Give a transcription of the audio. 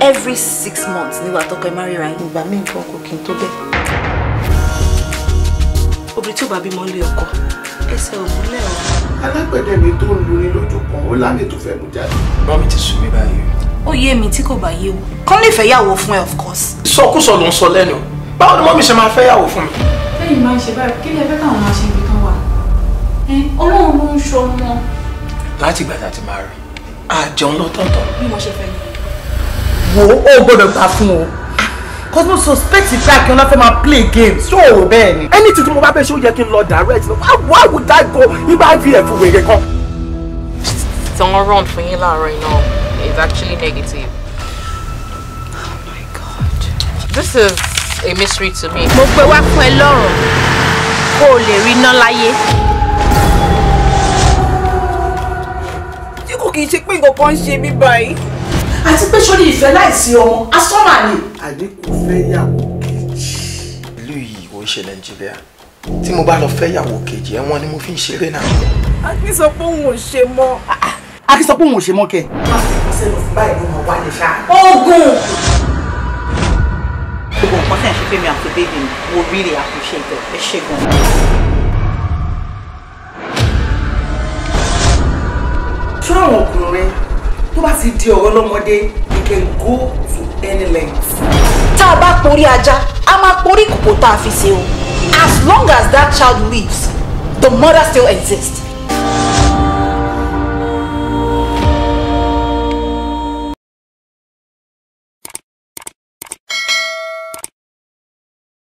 every six months ni wà tọkọ ẹ máa ríra yín. ìgbà mi nǹkan kò kí Obi, tó bẹ́ẹ̀. obìnrin tí ò bá bímọ lé ọkọ ẹsẹ̀ ò múlẹ̀ o. alágbẹ̀dẹ mi tó ń lórí lójú kan ó lámì tó fẹ́ mú jáde. bá mi ti sùn mí báyìí. ó yé mi tí kò bá yé wo kán lè fẹ́ yàwó fún ẹ of course. So, ló so sọ lẹ́nu báwo ni mọ́mí ṣe máa fẹ́ yàwó fún mi. lẹ́yìn máa ń ṣe báyìí kí ni ẹ fẹ́ káwọn máa ṣe ibi tán wà ọlọ́run ló ń ṣọmọ. láti ìgbà tá a ti máa rí àjẹun lọ́tọ̀ọ̀tọ̀. bí mo ṣe fẹ́ ni wo o gbọ́dọ̀ gbà fún o cos mo suspect ife akínọ́lá fẹ́ máa play games ṣó o rò bẹ́ẹ̀ ni. anything tí mo bá fẹ́ ṣe ó yẹ kí n lọ direct why why would I go nígbà ivf wèrè kan. tí wọ́n rán fún yín láàárọ̀ iná is actually negative. oh my god. this is a mystery to me. mo pe wá fún ẹ lọ́rùn kó o lè rí iná láyé. tí kò kì í ṣe kan ń ṣe mí àti pé sórí ìfẹ́ láìsí ọmọ asọ́mà ni. àní kò fẹ́ yàwó kejì. ìlú yìí ò ń ṣe nàìjíríà tí mo bá lọ fẹ́ yàwó kejì ẹ̀wọ̀n ni mo fi ń ṣeré náà. akin sọ pé òun ò ṣe mọ. akin sọ pé òun ò ṣe mọ kẹ. má fi ìgbésẹ̀ lọ fún báyìí ló mọ̀ wá lè ṣá. oògùn. gbogbo nǹkan tẹ̀ ń ṣe fẹ́mi àti bébì mo rí rè àkùṣe ìtọ̀ ẹ ṣe gan ṣé àwọn ọkùnrin tó bá sì di ọ̀rọ̀ lọ́mọdé you can go to any length. tá a bá porí ajá a máa porí kòkó tá a fi ṣe o as long as that child lives the mother still exists.